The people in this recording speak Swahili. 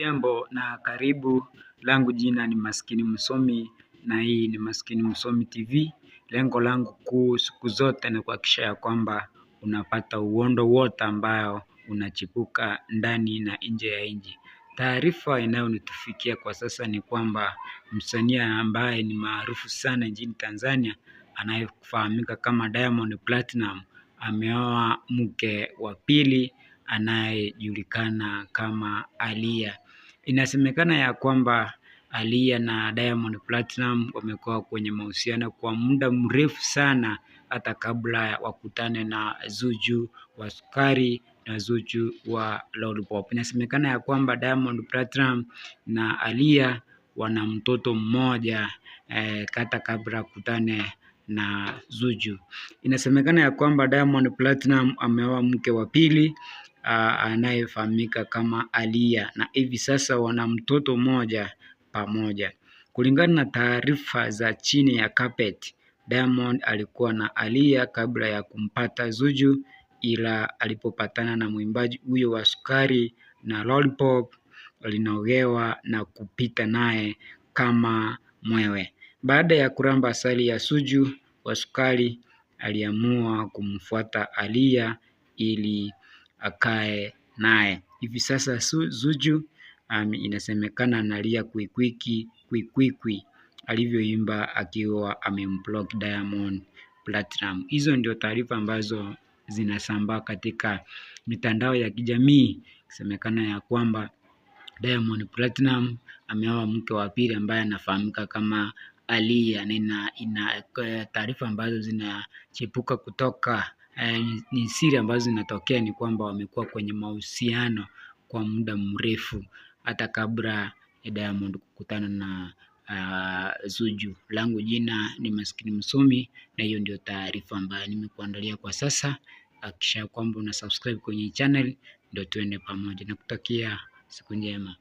Jambo na karibu langu jina ni Maskini Msomi na hii ni Maskini Msomi TV. Lengo langu kuu siku zote ni kuhakikisha ya kwamba unapata uondo wote ambayo unachipuka ndani na nje ya nchi. Taarifa inayonitufikia kwa sasa ni kwamba msanii ambaye ni maarufu sana nchini Tanzania anayefahamika kama Diamond Platinum ameoa mke wa pili anayejulikana kama Aaliyah. Inasemekana ya kwamba Aaliyah na Diamond Platinum wamekuwa kwenye mahusiano kwa muda mrefu sana, hata kabla wakutane na Zuchu wa Sukari na Zuchu wa Lollipop. Inasemekana ya kwamba Diamond Platinum na Aaliyah wana mtoto mmoja eh, hata kabla kutane na Zuchu. Inasemekana ya kwamba Diamond Platinum ameoa mke wa pili anayefahamika kama Aaliyah na hivi sasa wana mtoto mmoja pamoja. Kulingana na taarifa za chini ya carpet, Diamond alikuwa na Aaliyah kabla ya kumpata Zuchu, ila alipopatana na mwimbaji huyo wa sukari na lollipop alinogewa na kupita naye kama mwewe. Baada ya kuramba asali ya Zuchu wa sukari, aliamua kumfuata Aaliyah ili akae naye. Hivi sasa Zuchu um, inasemekana analia kwikwiki kwikwikwi alivyoimba akiwa amemblock Diamond Platinum. Hizo ndio taarifa ambazo zinasambaa katika mitandao ya kijamii ikisemekana ya kwamba Diamond Platinum ameoa mke wa pili ambaye anafahamika kama Aaliyah, na ina, ina eh, taarifa ambazo zinachepuka kutoka eh, ni siri ambazo zinatokea ni kwamba wamekuwa kwenye mahusiano kwa muda mrefu hata kabla ya Diamond kukutana na uh, ah, Zuju. Langu jina ni Maskini Msomi, na hiyo ndio taarifa ambayo nimekuandalia kwa sasa. Hakikisha kwamba una subscribe kwenye channel ndio tuende pamoja, na kutakia siku njema.